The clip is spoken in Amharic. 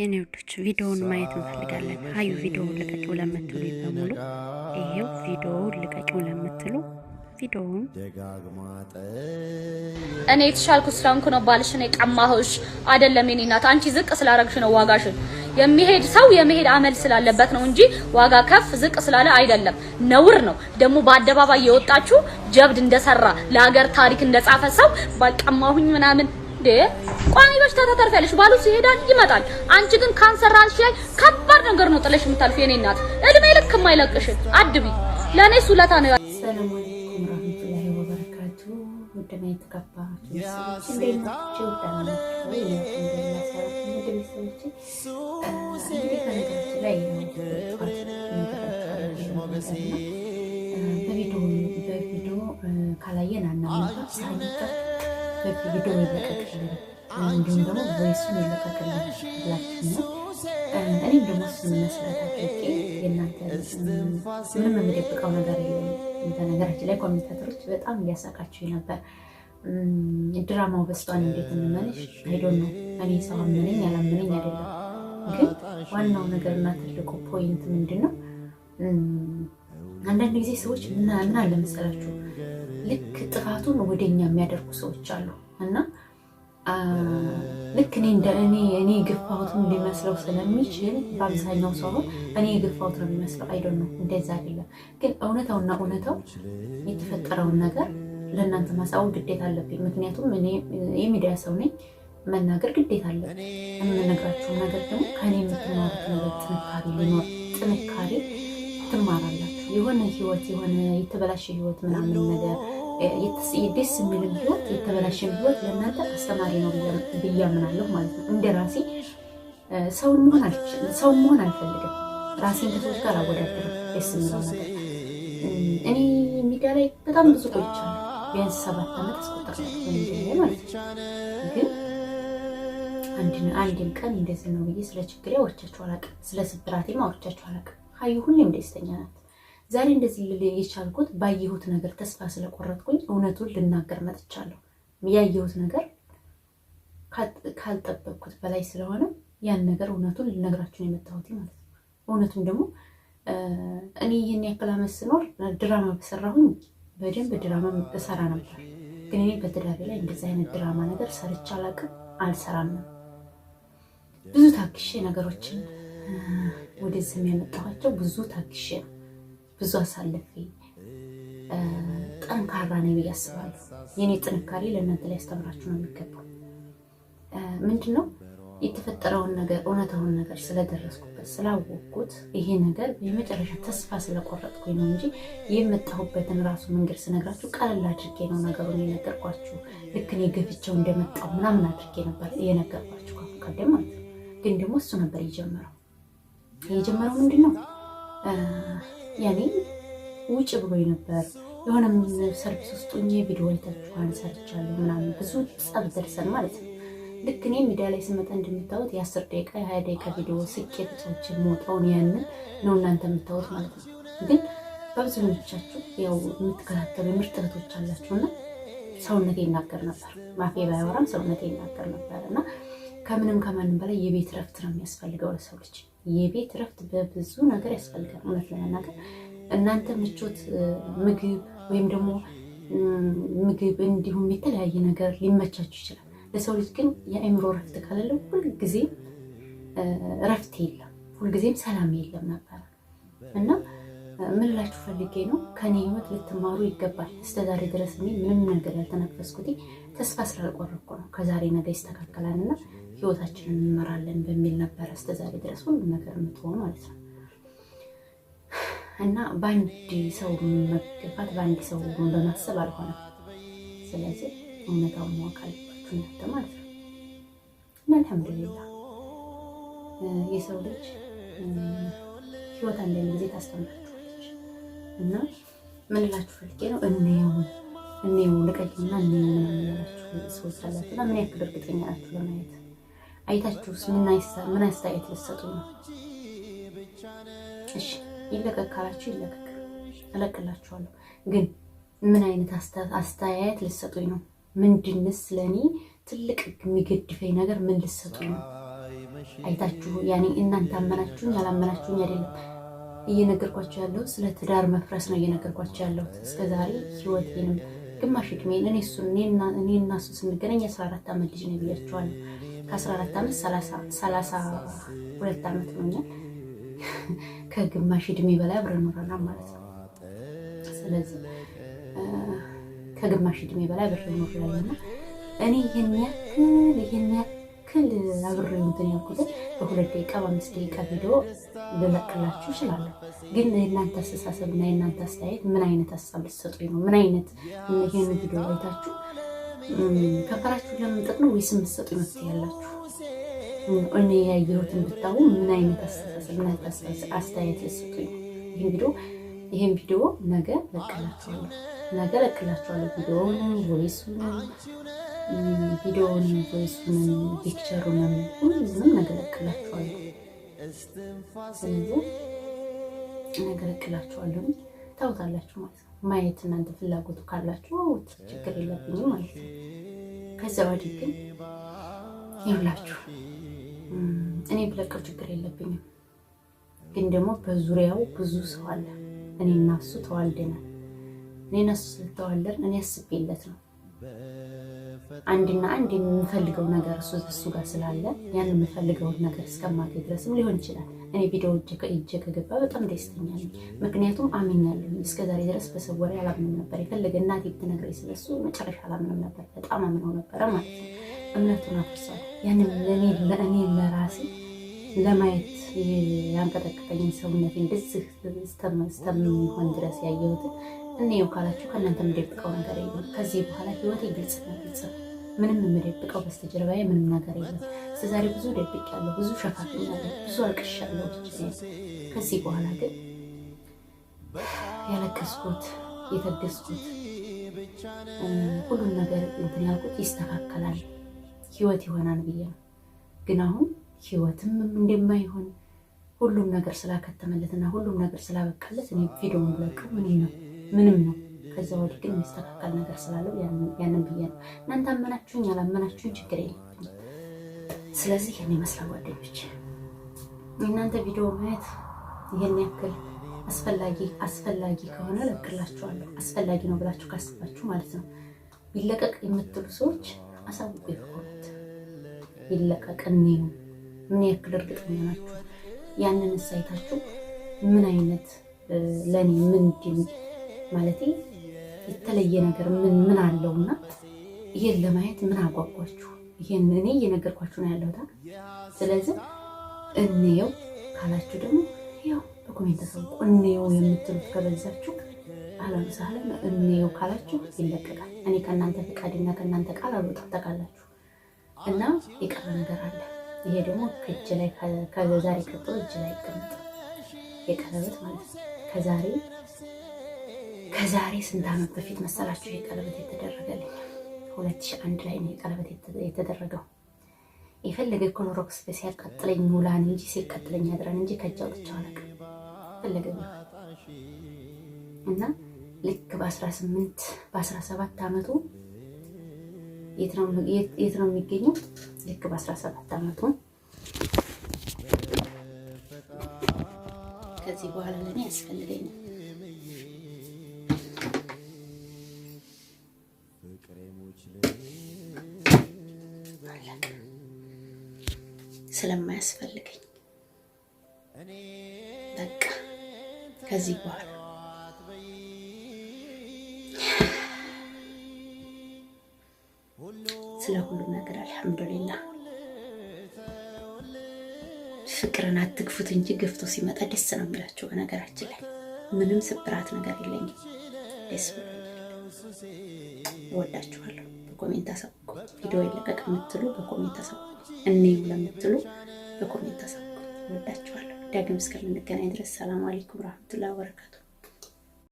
የኔ ውዶች ቪዲዮውን ማየት እንፈልጋለን። ሀዩ ቪዲዮውን ልቀቂው ለምትሉ በሙሉ ይሄው ቪዲዮውን ልቀቂው ለምትሉ ቪዲዮውን እኔ የተሻልኩ ስለሆንኩ ነው ባልሽ ባልሽን ቀማሁሽ አይደለም የኔ እናት፣ አንቺ ዝቅ ስላረግሽ ነው ዋጋሽን። የሚሄድ ሰው የመሄድ አመል ስላለበት ነው እንጂ ዋጋ ከፍ ዝቅ ስላለ አይደለም። ነውር ነው ደግሞ በአደባባይ የወጣችሁ ጀብድ እንደሰራ ለሀገር ታሪክ እንደጻፈ ሰው ባልቀማሁኝ ምናምን እንዴ ቋሚ በሽታ ተተርፊያለሽ ባሉ ሲሄዳል ይመጣል። አንቺ ግን ካንሰር ራስሽ ላይ ከባድ ነገር ነው ጥለሽ የምታልፊ የኔ እናት፣ እድሜ ልክ የማይለቅሽ አድቢ። ለእኔ ሱለታ ነው። ሰላም አለይኩም ወራህመቱላሂ ወበረካቱ። ውድና የተከበራችሁ እንዴት ናችሁ? ደህና ናችሁ? በቪዲዮ ካላየን ሳይቀር ቪዲዮ ይለቀቅልን እንዲሁም ደግሞ ቮይሱን ይለቀቅልን ብላችሁ እኔም ደግሞ እሱን መስራት አድርጌ የእናንተ ምንም የሚደብቀው ነገር የለም። በነገራችን ላይ ኮሜንታተሮች በጣም እያሳቃችሁ ነበር። ድራማው በስቷን እንዴት እንመንሽ ሄዶ ነው። እኔ ሰው አመነኝ ያላመነኝ አይደለም፣ ግን ዋናው ነገርና ትልቁ ፖይንት ምንድን ነው? አንዳንድ ጊዜ ሰዎች ምን አለ መሰላችሁ ልክ ጥፋቱን ወደኛ የሚያደርጉ ሰዎች አሉ እና ልክ እኔ እንደ እኔ እኔ የገፋሁትን ሊመስለው ስለሚችል በአብዛኛው ሰው እኔ የገፋሁት ነው የሚመስለው። አይደ ነው እንደዛ አይደለም። ግን እውነታውና እውነታው የተፈጠረውን ነገር ለእናንተ ማሳወቅ ግዴታ አለብኝ። ምክንያቱም እኔ የሚዲያ ሰው ነኝ፣ መናገር ግዴታ አለ። የምነግራችሁ ነገር ደግሞ ከኔ የምትማሩት ነገር ጥንካሬ ሊኖር ጥንካሬ ትማራላችሁ። የሆነ ህይወት የሆነ የተበላሸ ህይወት ምናምን ነገር ደስ የሚልም ህይወት የተበላሸም ህይወት ለእናንተ አስተማሪ ነው ብያምናለሁ ማለት ነው። እንደ ራሴ ሰው መሆን አልፈልግም። ራሴን ከሰዎች ጋር አወዳደርም። ደስ የሚለው ነገር እኔ ሚዲያ ላይ በጣም ብዙ ቆይቻለሁ። ቢያንስ ሰባት ዓመት አስቆጠረ ማለት ነው። ግን አንድም ቀን እንደዚህ ነው ብዬ ስለ ችግሬ አወርቻችሁ አላውቅም። ስለ ስብራቴም አወርቻችሁ አላውቅም። ሀዩ ሁሌም ደስተኛ ናት። ዛሬ እንደዚህ ልል የቻልኩት ባየሁት ነገር ተስፋ ስለቆረጥኩኝ እውነቱን ልናገር መጥቻለሁ። ያየሁት ነገር ካልጠበቅኩት በላይ ስለሆነ ያን ነገር እውነቱን ልነግራችሁን የመጣሁት ማለት ነው። እውነቱም ደግሞ እኔ ይህን ያክል ዓመት ስኖር ድራማ በሰራሁኝ በደንብ ድራማ እሰራ ነበር። ግን እኔ በትዳሬ ላይ እንደዚህ አይነት ድራማ ነገር ሰርቼ አላውቅም፣ አልሰራም። ብዙ ታክሼ ነገሮችን ወደዚህ የሚያመጣኋቸው ብዙ ታክሼ ነው። ብዙ አሳልፌ ጠንካራ ነኝ ብዬ አስባለሁ። የእኔ ጥንካሬ ለእናንተ ያስተምራችሁ ነው የሚገባው። ምንድን ነው የተፈጠረውን ነገር እውነታውን ነገር ስለደረስኩበት ስላወቅኩት ይሄ ነገር የመጨረሻ ተስፋ ስለቆረጥኩኝ ነው እንጂ የመጣሁበትን ራሱ መንገድ ስነግራችሁ ቀለል አድርጌ ነው ነገሩን የነገርኳችሁ። ልክ እኔ ገፍቼው እንደመጣሁ ምናምን አድርጌ ነበር የነገርኳችሁ ካሁን ቀደም ማለት ነው። ግን ደግሞ እሱ ነበር የጀመረው የጀመረው ምንድን ነው ያኔ ውጭ ብሎ ነበር። የሆነ ሰርቪስ ውስጥ ሆኜ ቪዲዮ አይታችኋል ሰርቻለሁ ምናምን ብዙ ጸብ ደርሰን ማለት ነው። ልክ እኔ ሚዲያ ላይ ስመጣ እንደምታዩት የአስር ደቂቃ የሀያ ደቂቃ ቪዲዮ ስቄ ብቻችን መውጣውን ያንን ነው እናንተ የምታዩት ማለት ነው። ግን በአብዛኞቻችሁ ያው የምትከታተሉ ምርጥ እህቶች አላችሁና ሰውነት ይናገር ነበር፣ ማፌ ባያወራም ሰውነቴ ይናገር ነበር እና ከምንም ከማንም በላይ የቤት ረፍት ነው የሚያስፈልገው ለሰው ልጅ የቤት እረፍት በብዙ ነገር ያስፈልጋል። እውነት ለመናገር እናንተ ምቾት ምግብ ወይም ደግሞ ምግብ እንዲሁም የተለያየ ነገር ሊመቻችሁ ይችላል። ለሰው ልጅ ግን የአእምሮ እረፍት ካለለው ሁልጊዜም እረፍት የለም፣ ሁልጊዜም ሰላም የለም ነበረ እና ምንላችሁ ፈልጌ ነው ከኔ ህይወት ልትማሩ ይገባል። እስከዛሬ ድረስ እኔ ምንም ነገር ያልተነፈስኩት ተስፋ ስላልቆረኩ ነው። ከዛሬ ነገ ይስተካከላል እና ህይወታችንን እንመራለን በሚል ነበር እስከዛሬ ድረስ ሁሉ ነገር የምትሆኑ ማለት ነው። እና በአንድ ሰው መገፋት በአንድ ሰው በማሰብ አልሆነም። ስለዚህ እውነታው ማወቅ ትምህርት ማለት ነው። እና አልሐምዱሊላ የሰው ልጅ ህይወት አንዳንድ ጊዜ ታስተምራችኋለች። እና ምን እላችሁ ፈልጌ ነው እንየውን እንየው ልቀቂና እንየው ምናምን ያላችሁ ሰዎች አላችሁ እና ምን ያክል እርግጠኛ ናችሁ ለማየት አይታችሁስ ምን አስተያየት ልትሰጡ ነው? እሺ ይለቀቅ ይለቀቅ፣ እለቅላችኋለሁ። ግን ምን አይነት አስተያየት ልትሰጡኝ ነው? ምንድንስ ለእኔ ትልቅ የሚገድፈኝ ነገር ምን ልትሰጡኝ ነው? አይታችሁ ያኔ እናንተ አመናችሁኝ ያላመናችሁኝ አይደለም እየነገርኳቸው ያለው ስለ ትዳር መፍረስ ነው። እየነገርኳቸው ያለሁት እስከዛሬ ህይወቴንም ግማሽ እድሜን እኔ እሱን እኔና እሱ ስንገናኝ አስራ አራት ዓመት ልጅ ነው ብያቸዋለሁ። 14 ዓመት 32 ዓመት ሆኛል። ከግማሽ እድሜ በላይ አብረን ኖረናል ማለት ነው። ስለዚህ ከግማሽ እድሜ በላይ አብረን ኖረናል። እኔ ይህን ያክል ይህን ያክል አብረን እንትን ያልኩትን በሁለት ደቂቃ በአምስት ደቂቃ ቪዲዮ ልለቅላችሁ እችላለሁ። ግን የእናንተ አስተሳሰብ እና የእናንተ አስተያየት ምን አይነት አስተሳሰብ ልትሰጡኝ ነው? ምን አይነት ይህን ቪዲዮ አይታችሁ ከከራችሁ ለመምጠጥ ነው ወይስ የምትሰጡ መፍትሄ ያላችሁ? እኔ ያየሁትን ብታዩ ምን አይነት አስተሳሰብ ምን አይነት አስተያየት ልትሰጡኝ? ይህን ቪዲዮ ይህን ቪዲዮ ነገ ለቅላችኋለሁ፣ ነገ ለቅላችኋለሁ። ቪዲዮውን ቮይሱን፣ ቪዲዮውን ቮይሱን፣ ፒክቸሩን ሁሉንም ነገ ለቅላችኋለሁ። ስለዚህ ነገ ለቅላችኋለሁ፣ ታውታላችሁ ማለት ነው። ማየት እናንተ ፍላጎቱ ካላችሁ ችግር የለብኝም ማለት ነው። ከዚያ ወዲህ ግን ይብላችሁ እኔ ብለቀው ችግር የለብኝም። ግን ደግሞ በዙሪያው ብዙ ሰው አለ። እኔ እናሱ ተዋልደናል። እኔ እሱ ስለተዋልደን እኔ አስቤለት ነው አንድና አንድ የምፈልገው ነገር እሱ ጋር ስላለ ያን የምፈልገውን ነገር እስከማገኝ ድረስም ሊሆን ይችላል። እኔ ቪዲዮ እጄ ከገባ በጣም ደስተኛ ነኝ። ምክንያቱም አምኛለሁ። እስከዛሬ ድረስ በሰው ወሬ አላምንም ነበር። የፈለገ እናቴ ብትነግረኝ ስለሱ መጨረሻ አላምንም ነበር። በጣም አምነው ነበረ ማለት ነው። እምነቱን አፍርሷል። ያንም ለእኔ ለራሴ ለማየት ያንቀጠቀጠኝ ሰውነቴን እንደዚህ እስከሚሆን ድረስ ያየሁትን እኔው ካላችሁ ከእናንተ የምደብቀው ነገር የለም። ከዚህ በኋላ ህይወቴ ግልጽ ነው፣ ግልጽ ነው። ምንም የምደብቀው በስተጀርባዬ ምንም ነገር የለም። እስከዛሬ ብዙ ያለው ብዙ ሸፋፍኛለሁ፣ ብዙ አልቅሻለሁ። ከዚህ በኋላ ግን ያለቀስኩት የተገስኩት ሁሉም ነገር እንትን ያልኩት ይስተካከላል፣ ህይወት ይሆናል ብዬ ነው። ግን አሁን ህይወትም እንደማይሆን ሁሉም ነገር ስላከተመለትና ሁሉም ነገር ስላበቃለት እኔ ቪዲዮ ምለቀው ምን ነው ምንም ነው። ከዛ ወዲህ ግን የሚስተካከል ነገር ስላለው ያንን ብዬ ነው። እናንተ አመናችሁኝ ያላመናችሁኝ ችግር የለም። ስለዚህ ይህን ይመስላል ጓደኞች። እናንተ ቪዲዮ ማየት ይህን ያክል አስፈላጊ አስፈላጊ ከሆነ እለቅላችኋለሁ። አስፈላጊ ነው ብላችሁ ካስባችሁ ማለት ነው። ይለቀቅ የምትሉ ሰዎች አሳውቁ። የሆኑት ይለቀቅ። እኔም ምን ያክል እርግጠኛ ናችሁ? ያንን ሳይታችሁ ምን አይነት ለእኔ ምን ማለት የተለየ ነገር ምን አለው እና ይሄን ለማየት ምን አጓጓችሁ? ይሄን እኔ እየነገርኳችሁ ነው ያለሁት። ስለዚህ እንየው ካላችሁ ደግሞ ያው በኮሜንት ተሰውቁ እንየው የምትሉት ከበዛችሁ አለም እንየው ካላችሁ ይለቀቃል። እኔ ከእናንተ ፈቃድና ከእናንተ ቃል አልወጣጠቃላችሁ እና የቀረ ነገር አለ። ይሄ ደግሞ ከእጅ ላይ ከዛሬ ቀጥሎ እጅ ላይ ይቀመጣል። የቀረበት ማለት ነው ከዛሬ ከዛሬ ስንት ዓመት በፊት መሰላችሁ የቀለበት የተደረገልኝ? ሁለት ሺህ አንድ ላይ ነው የቀለበት የተደረገው። የፈለገ ኮኖሮክስ ሲያቃጥለኝ ውላን እንጂ ሲያቃጥለኝ ያድረን እንጂ ከእጅ አውጥቼው አላውቅም። ፈለገ እና ልክ በ18 በ17 ዓመቱ የት ነው የሚገኘው? ልክ በ17 ዓመቱ ከዚህ በኋላ ለእኔ ያስፈልገኛል ስለማያስፈልገኝ በቃ ከዚህ በኋላ ስለ ሁሉ ነገር አልሐምዱሊላህ። ፍቅርን አትግፉት እንጂ ግፍቶ ሲመጣ ደስ ነው የሚላቸው። በነገራችን ላይ ምንም ስብራት ነገር የለኝም። ደስ ብሎኛል። በኮሜንት አሳውቁ። ቪዲዮ ይለቀቅ የምትሉ በኮሜንት ተሰቡ፣ እኔም ለምትሉ በኮሜንት ተሰቡ። ወዳችኋለሁ። ዳግም እስከምንገናኝ ድረስ ሰላም አለይኩም ረህመቱላሂ ወበረካቱ።